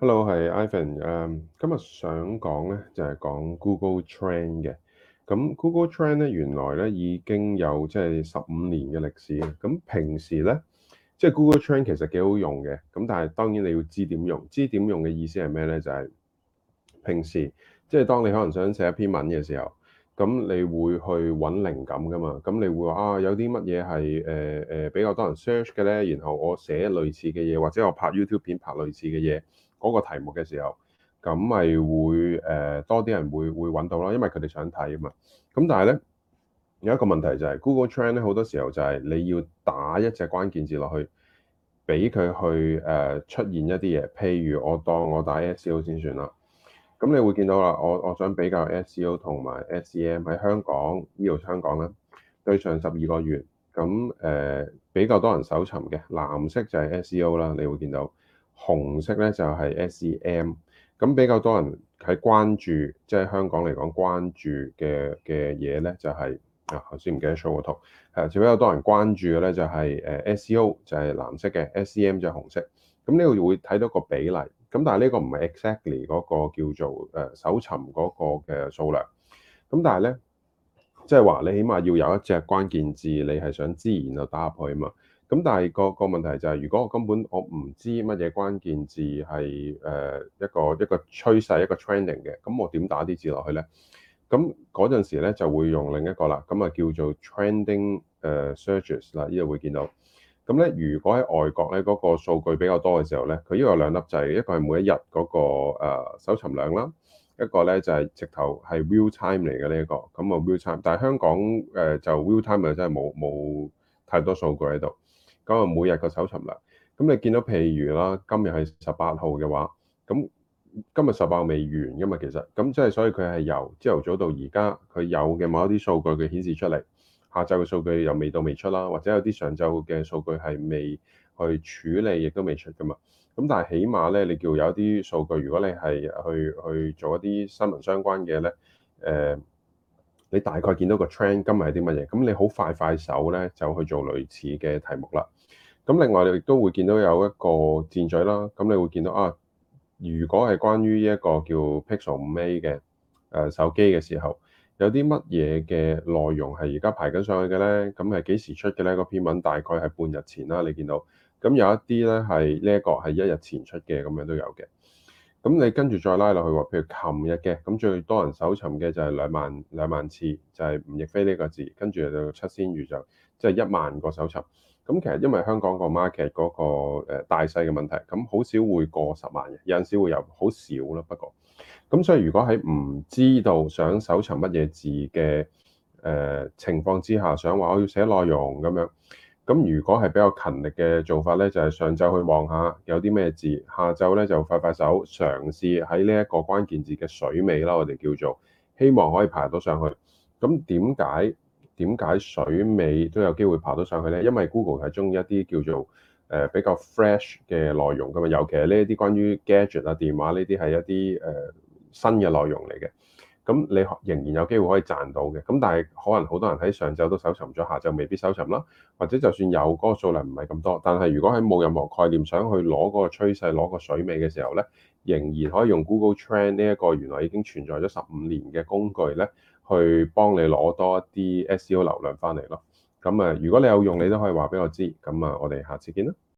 Hello，係 Ivan。誒，今日想講咧，就係、是、講 Google Trend 嘅。咁 Google Trend 咧，原來咧已經有即係十五年嘅歷史。咁平時咧，即、就、係、是、Google Trend 其實幾好用嘅。咁但係當然你要知點用，知點用嘅意思係咩咧？就係、是、平時即係、就是、當你可能想寫一篇文嘅時候。咁你會去揾靈感㗎嘛？咁你會話啊，有啲乜嘢係誒誒比較多人 search 嘅咧？然後我寫類似嘅嘢，或者我拍 YouTube 片拍類似嘅嘢，嗰、那個題目嘅時候，咁咪會誒、呃、多啲人會會揾到咯，因為佢哋想睇啊嘛。咁但係咧，有一個問題就係、是、Google Trend 咧，好多時候就係你要打一隻關鍵字落去，俾佢去誒、呃、出現一啲嘢。譬如我當我打 S 號先算啦。咁你會見到啦，我我想比較 SEO 同埋 SEM 喺香港呢度香港啦，對上十二個月，咁誒、呃、比較多人搜尋嘅藍色就係 SEO 啦，你會見到紅色咧就係 SEM 咁比較多人喺關注，即、就、係、是、香港嚟講關注嘅嘅嘢咧就係、是、啊，頭先唔記得 show 個圖，係、啊、最比較多人關注嘅咧就係誒 SEO 就係藍色嘅 SEM 就係紅色，咁呢度會睇到個比例。咁但係呢個唔係 exactly 嗰個叫做誒搜尋嗰個嘅數量，咁但係咧，即係話你起碼要有一隻關鍵字，你係想知然後打入去啊嘛。咁但係個個問題就係，如果我根本我唔知乜嘢關鍵字係誒一個一個趨勢一個 trending 嘅，咁我點打啲字落去咧？咁嗰陣時咧就會用另一個啦，咁啊叫做 trending 誒 searches 嗱，呢度會見到。咁咧，如果喺外國咧，嗰個數據比較多嘅時候咧，佢依個有兩粒掣，一個係每一日嗰個搜尋量啦，一個咧就係直頭係 real time 嚟嘅呢一個，咁啊 real time，但係香港誒就 real time 又真係冇冇太多數據喺度，咁啊每日個搜尋量，咁你見到譬如啦，今日係十八號嘅話，咁今日十八號未完噶嘛，其實，咁即係所以佢係由朝頭早到而家，佢有嘅某一啲數據佢顯示出嚟。下晝嘅數據又未到未出啦，或者有啲上晝嘅數據係未去處理，亦都未出㗎嘛。咁但係起碼咧，你叫有啲數據，如果你係去去做一啲新聞相關嘅咧，誒、呃，你大概見到個 trend 今日係啲乜嘢？咁你好快快手咧，就去做類似嘅題目啦。咁另外你亦都會見到有一個戰隊啦。咁你會見到啊，如果係關於呢一個叫 Pixel 五 A 嘅誒手機嘅時候，有啲乜嘢嘅內容係而家排緊上去嘅咧？咁係幾時出嘅咧？個篇文大概係半日前啦，你見到。咁有一啲咧係呢一個係一日前出嘅，咁樣都有嘅。咁你跟住再拉落去喎，譬如琴日嘅，咁最多人搜尋嘅就係兩萬兩萬次，就係吳亦菲呢個字，跟住就七千餘就即係一萬個搜尋。咁其實因為香港個 market 嗰個大細嘅問題，咁好少會過十萬嘅，有陣時會有，好少咯不過。咁所以如果喺唔知道想搜尋乜嘢字嘅誒、呃、情況之下，想話我要寫內容咁樣，咁如果係比較勤力嘅做法咧，就係、是、上晝去望下有啲咩字，下晝咧就快快手嘗試喺呢一個關鍵字嘅水尾啦，我哋叫做希望可以排到上去。咁點解？點解水尾都有機會爬到上去呢？因為 Google 係中意一啲叫做誒比較 fresh 嘅內容噶嘛，尤其係呢一啲關於 gadget 啊、電話呢啲係一啲誒新嘅內容嚟嘅。咁你仍然有機會可以賺到嘅。咁但係可能好多人喺上晝都搜尋咗，下晝未必搜尋啦。或者就算有嗰個數量唔係咁多，但係如果喺冇任何概念，想去攞嗰個趨勢、攞個水尾嘅時候呢。仍然可以用 Google Trend 呢一個原來已經存在咗十五年嘅工具呢，去幫你攞多一啲 SEO 流量返嚟咯。咁啊，如果你有用，你都可以話俾我知。咁啊，我哋下次見啦。